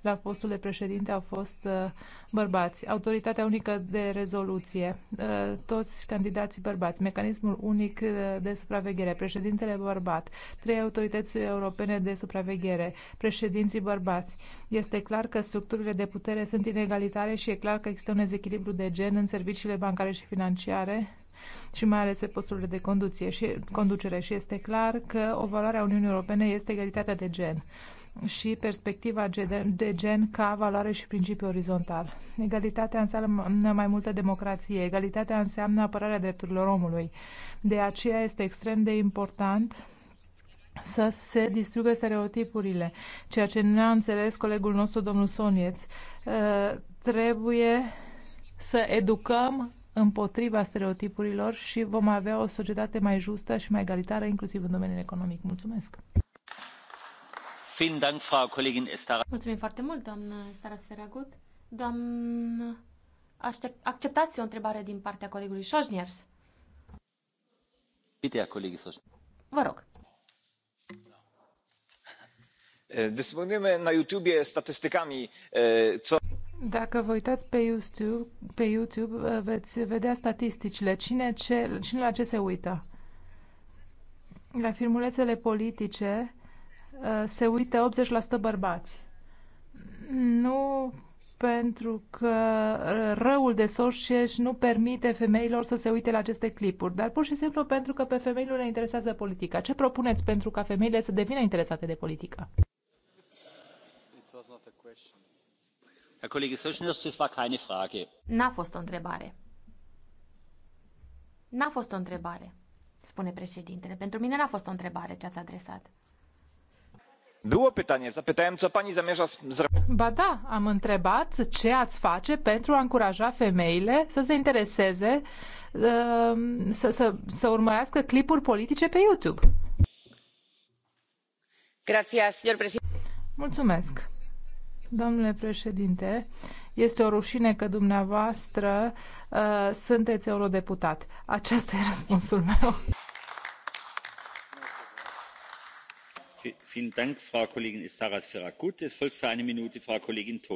la postul de președinte au fost uh, bărbați. Autoritatea Unică de Rezoluție, uh, toți candidații bărbați. Mecanismul Unic de Supraveghere, președintele bărbat, trei autorități europene de supraveghere, președinții bărbați. Este clar că structurile de putere sunt inegalitare și e clar că există un dezechilibru de gen în serviciile bancare și financiare și mai ales pe posturile de conduție și, conducere și este clar că o valoare a Uniunii Europene este egalitatea de gen și perspectiva de gen ca valoare și principiu orizontal. Egalitatea înseamnă mai multă democrație, egalitatea înseamnă apărarea drepturilor omului. De aceea este extrem de important să se distrugă stereotipurile, ceea ce ne a înțeles colegul nostru, domnul Sonieț. Ă, trebuie să educăm împotriva stereotipurilor și vom avea o societate mai justă și mai egalitară, inclusiv în domeniul economic. Mulțumesc! Mulțumim foarte mult, doamnă Staras Feragut. Doamnă, aștept, acceptați o întrebare din partea colegului Șoșniers. Bitea, colegii Șoșniers. Vă rog. Dysponujemy na YouTubie statystykami, co... Dacă vă uitați pe YouTube, pe YouTube uh, veți vedea statisticile. Cine, ce, cine la ce se uită? La filmulețele politice uh, se uită 80% bărbați. Nu pentru că uh, răul de Sorșeș nu permite femeilor să se uite la aceste clipuri, dar pur și simplu pentru că pe femei nu le interesează politica. Ce propuneți pentru ca femeile să devină interesate de politică? It was not a question. N-a fost o întrebare. N-a fost o întrebare, spune președintele. Pentru mine n-a fost o întrebare ce ați adresat. Było pytanie, zapytałem, co pani zamierza zrobić. Ba da, am întrebat ce ați face pentru a încuraja femeile să se intereseze, um, să, să, să urmărească clipuri politice pe YouTube. Gracias, señor presidente. Mulțumesc Domnule președinte, este o rușine că dumneavoastră uh, sunteți eurodeputat. Acesta e răspunsul meu.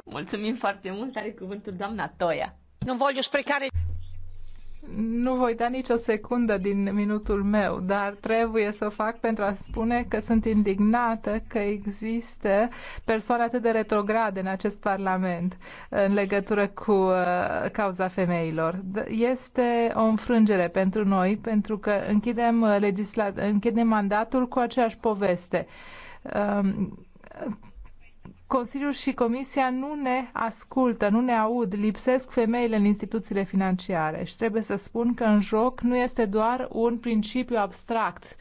Mulțumim foarte mult, are cuvântul doamna Toia. Nu voglio sprecare nu voi da nicio secundă din minutul meu, dar trebuie să o fac pentru a spune că sunt indignată că există persoane atât de retrograde în acest Parlament în legătură cu uh, cauza femeilor. Este o înfrângere pentru noi, pentru că închidem, uh, legisla- închidem mandatul cu aceeași poveste. Uh, Consiliul și Comisia nu ne ascultă, nu ne aud, lipsesc femeile în instituțiile financiare și trebuie să spun că în joc nu este doar un principiu abstract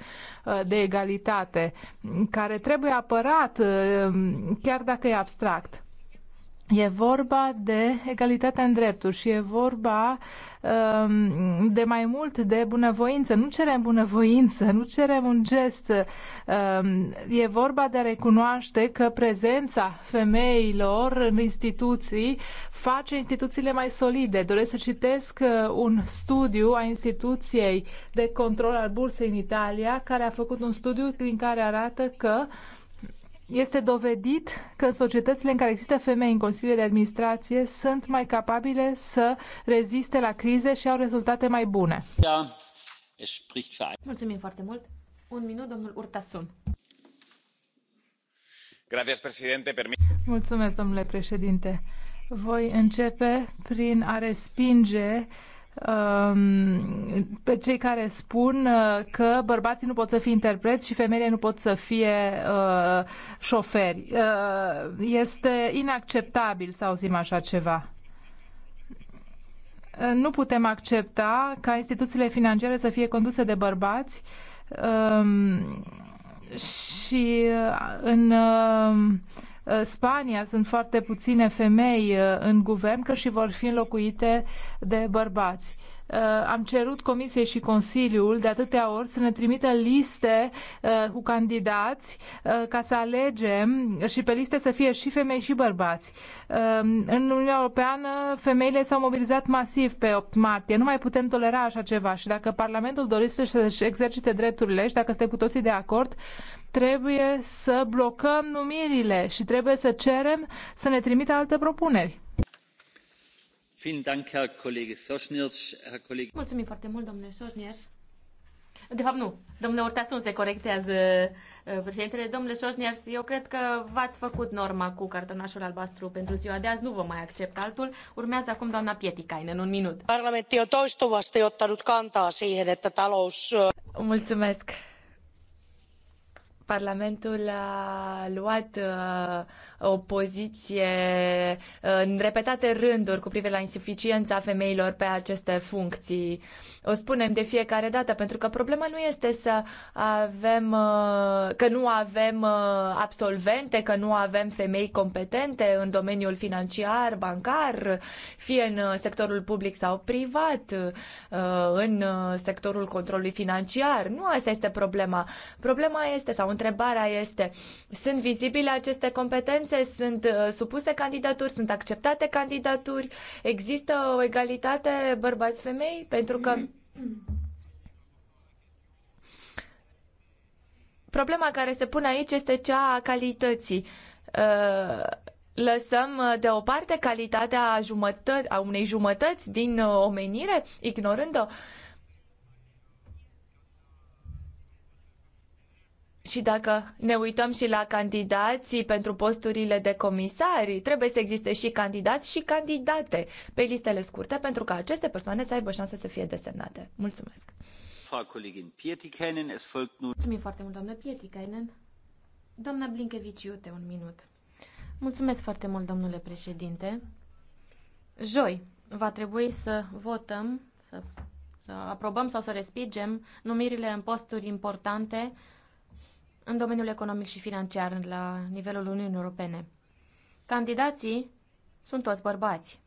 uh, de egalitate care trebuie apărat uh, chiar dacă e abstract. E vorba de egalitatea în drepturi și e vorba um, de mai mult de bunăvoință. Nu cerem bunăvoință, nu cerem un gest. Um, e vorba de a recunoaște că prezența femeilor în instituții face instituțiile mai solide. Doresc să citesc uh, un studiu a instituției de control al bursei în Italia, care a făcut un studiu din care arată că uh, este dovedit că societățile în care există femei în consiliile de administrație sunt mai capabile să reziste la crize și au rezultate mai bune. Mulțumim foarte mult. Un minut, domnul Urtasun. Mulțumesc, domnule președinte. Voi începe prin a respinge Um, pe cei care spun uh, că bărbații nu pot să fie interpreți și femeile nu pot să fie uh, șoferi. Uh, este inacceptabil să auzim așa ceva. Uh, nu putem accepta ca instituțiile financiare să fie conduse de bărbați um, uh, și în uh, Uh, Spania sunt foarte puține femei uh, în guvern, că și vor fi înlocuite de bărbați uh, am cerut Comisiei și Consiliul de atâtea ori să ne trimită liste cu candidați ca să alegem și pe liste să fie și femei și bărbați. În Uniunea Europeană femeile s-au mobilizat masiv pe 8 martie. Nu mai putem tolera așa ceva și dacă Parlamentul dorește să-și exercite drepturile și dacă suntem cu toții de acord, trebuie să blocăm numirile și trebuie să cerem să ne trimită alte propuneri. Mulțumim foarte mult, domnule Soșnierș. De fapt, nu. Domnule Urtasun se corectează uh, președintele. Domnule Soșniar, eu cred că v-ați făcut norma cu cartonașul albastru pentru ziua de azi. Nu vă mai accept altul. Urmează acum doamna Pietikainen, un minut. Parlamentti toistuvasti ottanut kantaa siihen, että talous... Uh. Mulțumesc. Parlamentul a luat uh, o poziție uh, în repetate rânduri cu privire la insuficiența femeilor pe aceste funcții. O spunem de fiecare dată, pentru că problema nu este să avem, uh, că nu avem absolvente, că nu avem femei competente în domeniul financiar, bancar, fie în sectorul public sau privat, în sectorul controlului financiar. Nu asta este problema. Problema este, sau întrebarea este, sunt vizibile aceste competențe? Sunt uh, supuse candidaturi? Sunt acceptate candidaturi? Există o egalitate bărbați-femei? Pentru că problema care se pune aici este cea a calității. Uh, lăsăm uh, deoparte calitatea jumătă- a unei jumătăți din omenire, ignorând-o. Și dacă ne uităm și la candidații pentru posturile de comisari, trebuie să existe și candidați și candidate pe listele scurte pentru ca aceste persoane să aibă șansa să fie desemnate. Mulțumesc! Mulțumim foarte mult, doamnă Pietikainen. Doamna Blinkeviciute, un minut. Mulțumesc foarte mult, domnule președinte. Joi va trebui să votăm, să aprobăm sau să respingem numirile în posturi importante în domeniul economic și financiar la nivelul Uniunii Europene. Candidații sunt toți bărbați.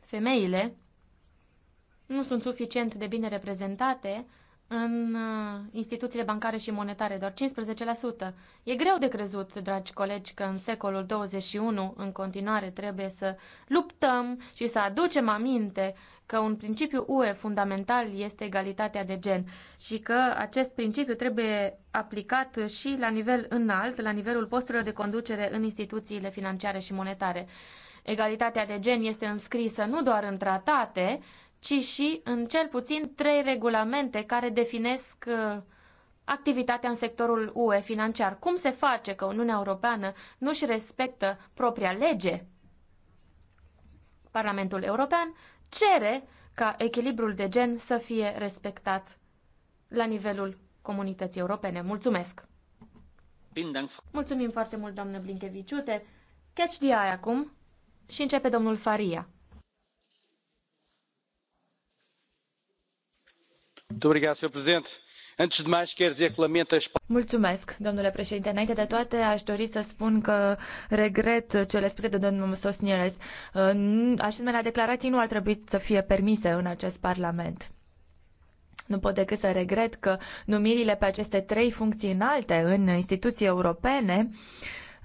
Femeile nu sunt suficient de bine reprezentate în uh, instituțiile bancare și monetare, doar 15%. E greu de crezut, dragi colegi, că în secolul 21 în continuare trebuie să luptăm și să aducem aminte că un principiu UE fundamental este egalitatea de gen și că acest principiu trebuie aplicat și la nivel înalt, la nivelul posturilor de conducere în instituțiile financiare și monetare. Egalitatea de gen este înscrisă nu doar în tratate, ci și în cel puțin trei regulamente care definesc uh, activitatea în sectorul UE financiar. Cum se face că Uniunea Europeană nu își respectă propria lege? Parlamentul European cere ca echilibrul de gen să fie respectat la nivelul comunității europene. Mulțumesc! Mulțumim foarte mult, doamnă Blinkeviciute. Catch the eye acum și începe domnul Faria. domnule președinte înainte de toate aș dori să spun că regret cele spuse de domnul sonierz asemenea declarații nu ar trebui să fie permise în acest parlament. Nu pot decât să regret că numirile pe aceste trei funcții înalte în instituții europene uh,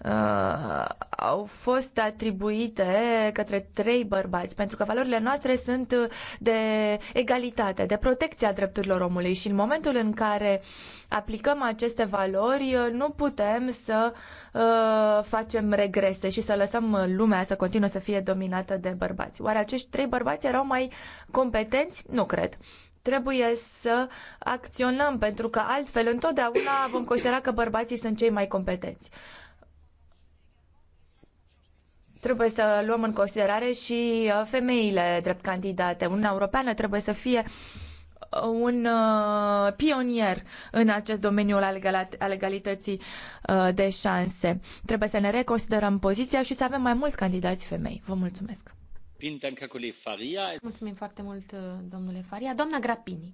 uh, au fost atribuite către trei bărbați, pentru că valorile noastre sunt de egalitate, de protecția drepturilor omului și în momentul în care aplicăm aceste valori, uh, nu putem să uh, facem regrese și să lăsăm lumea să continue să fie dominată de bărbați. Oare acești trei bărbați erau mai competenți? Nu cred trebuie să acționăm, pentru că altfel întotdeauna vom considera că bărbații sunt cei mai competenți. Trebuie să luăm în considerare și uh, femeile drept candidate. Uniunea Europeană trebuie să fie uh, un uh, pionier în acest domeniu al legalității de șanse. Trebuie să ne reconsiderăm poziția și să avem mai mulți candidați femei. Vă mulțumesc! Mulțumim foarte mult, domnule Faria. Doamna Grapini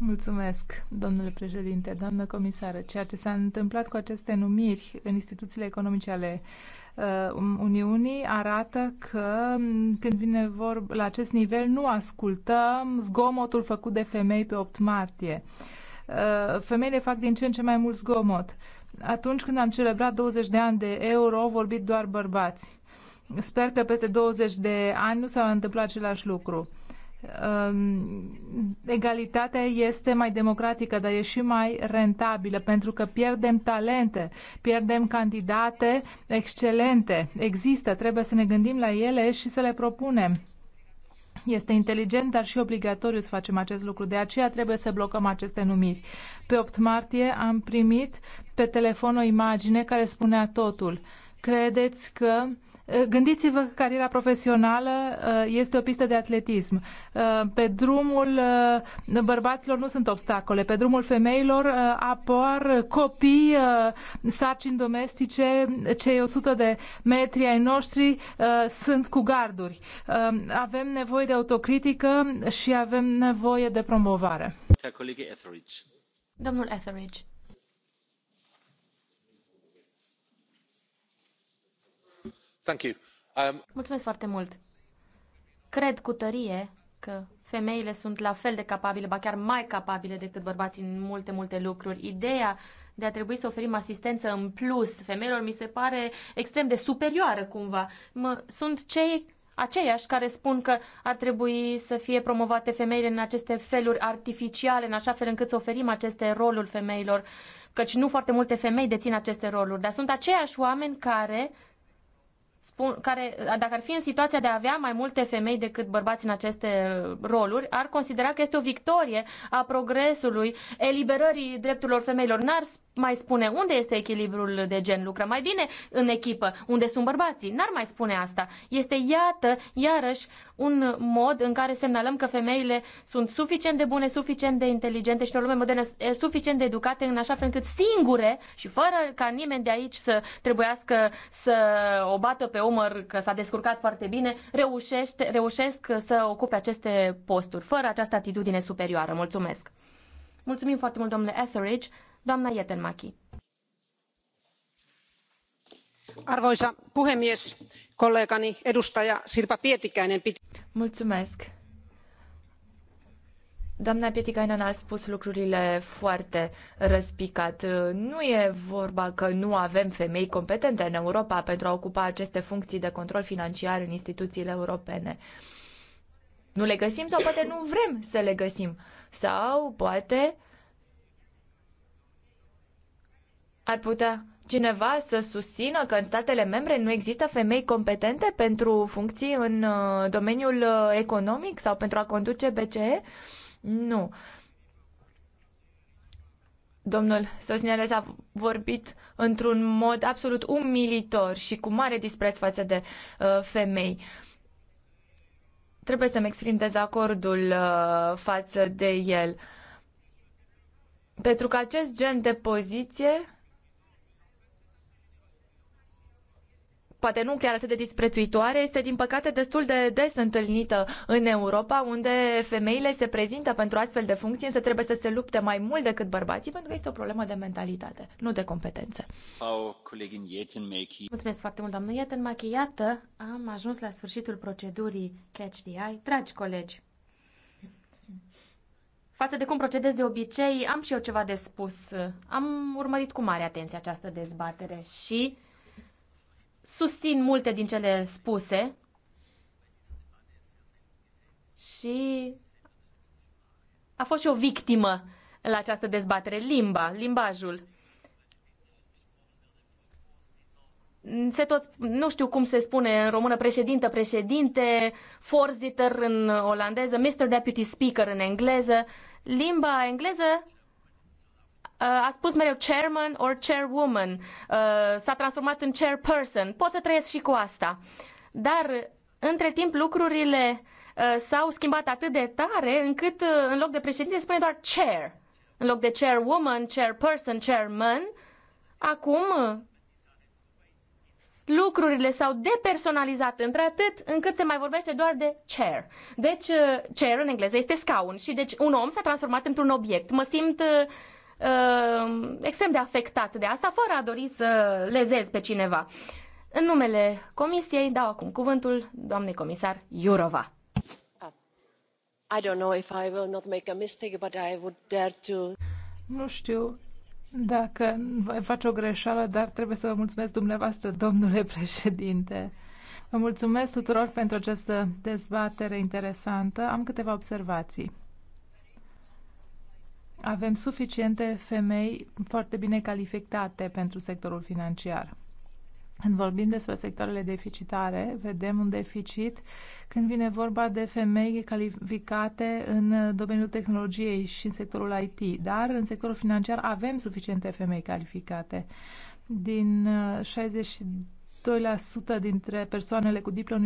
Mulțumesc, domnule președinte, doamnă comisară. Ceea ce s-a întâmplat cu aceste numiri în instituțiile economice ale uh, Uniunii arată că mm, când vine vorba la acest nivel nu ascultăm zgomotul făcut de femei pe 8 martie. Uh, femeile fac din ce în ce mai mult zgomot. Atunci când am celebrat 20 de ani de euro, au vorbit doar bărbați. Sper că peste 20 de ani nu s-a întâmplat același lucru Um, egalitatea este mai democratică, dar e și mai rentabilă, pentru că pierdem talente, pierdem candidate excelente. Există, trebuie să ne gândim la ele și să le propunem. Este inteligent, dar și obligatoriu să facem acest lucru. De aceea trebuie să blocăm aceste numiri. Pe 8 martie am primit pe telefon o imagine care spunea totul. Credeți că uh, Gândiți-vă că cariera profesională uh, este o pistă de atletism. Uh, pe drumul uh, bărbaților nu sunt obstacole. Pe drumul femeilor apar copii, sarcini domestice, cei 100 de metri ai noștri sunt cu garduri. Avem nevoie de autocritică și avem nevoie de promovare. Domnul Etheridge. Um, Mulțumesc foarte mult. Cred cu tărie că femeile sunt la fel de capabile, ba chiar mai capabile decât bărbații în multe, multe lucruri. Ideea de a trebui să oferim asistență în plus femeilor mi se pare extrem de superioară cumva. Mă, sunt cei aceiași care spun că ar trebui să fie promovate femeile în aceste feluri artificiale, în așa fel încât să oferim aceste roluri femeilor, căci nu foarte multe femei dețin aceste roluri, dar sunt aceiași oameni care spun, care, dacă ar fi în situația de a avea mai multe femei decât bărbați în aceste roluri, ar considera că este o victorie a progresului, eliberării drepturilor femeilor. N-ar mai spune unde este echilibrul de gen, lucră mai bine în echipă, unde sunt bărbații. N-ar mai spune asta. Este, iată, iarăși un mod în care semnalăm că femeile sunt suficient de bune, suficient de inteligente și o lume modernă suficient de educate în așa fel încât singure și fără ca nimeni de aici să trebuiască să o bată pe umăr că s-a descurcat foarte bine, reușește, reușesc să ocupe aceste posturi, fără această atitudine superioară. Mulțumesc! Mulțumim foarte mult, domnule Etheridge. Doamna Ietenmachi. Arvoisa puhemies, kollegani pietikäinen Pietikainen a spus lucrurile foarte răspicat. Nu e vorba că nu avem femei competente în Europa pentru a ocupa aceste funcții de control financiar în instituțiile europene. Nu le găsim sau poate nu vrem să le găsim. Sau poate ar putea cineva să susțină că în statele membre nu există femei competente pentru funcții în uh, domeniul uh, economic sau pentru a conduce BCE? Nu. Domnul Sosniales a vorbit într-un mod absolut umilitor și cu mare dispreț față de uh, femei. Trebuie să-mi exprim dezacordul uh, față de el. Pentru că acest gen de poziție poate nu chiar atât de disprețuitoare, este din păcate destul de des întâlnită în Europa, unde femeile se prezintă pentru astfel de funcții, însă trebuie să se lupte mai mult decât bărbații, pentru că este o problemă de mentalitate, nu de competențe. Mulțumesc foarte mult, doamnă în Iată, am ajuns la sfârșitul procedurii Catch the Eye. Dragi colegi, Față de cum procedez de obicei, am și eu ceva de spus. Am urmărit cu mare atenție această dezbatere și susțin multe din cele spuse și a fost și o victimă la această dezbatere, limba, limbajul. Se tot, nu știu cum se spune în română, președintă, președinte, Forzitter în olandeză, Mr. Deputy Speaker în engleză. Limba engleză Uh, a spus mereu chairman or chairwoman, uh, s-a transformat în chairperson. Pot să trăiesc și cu asta. Dar, între timp, lucrurile uh, s-au schimbat atât de tare încât, în loc de președinte, spune doar chair. În loc de chairwoman, chairperson, chairman, acum lucrurile s-au depersonalizat într-atât încât se mai vorbește doar de chair. Deci, chair în engleză este scaun și deci un om s-a transformat într-un obiect. Mă simt uh, uh, extrem de afectat de asta, fără a dori să lezez pe cineva. În numele Comisiei dau acum cuvântul doamnei comisar Iurova. Uh, nu știu dacă voi face o greșeală, dar trebuie să vă mulțumesc dumneavoastră, domnule președinte. Vă mulțumesc tuturor pentru această dezbatere interesantă. Am câteva observații avem suficiente femei foarte bine calificate pentru sectorul financiar. Când vorbim despre sectoarele deficitare, vedem un deficit când vine vorba de femei calificate în domeniul tehnologiei și în sectorul IT, dar în sectorul financiar avem suficiente femei calificate. Din 62% uh, dintre persoanele cu diplome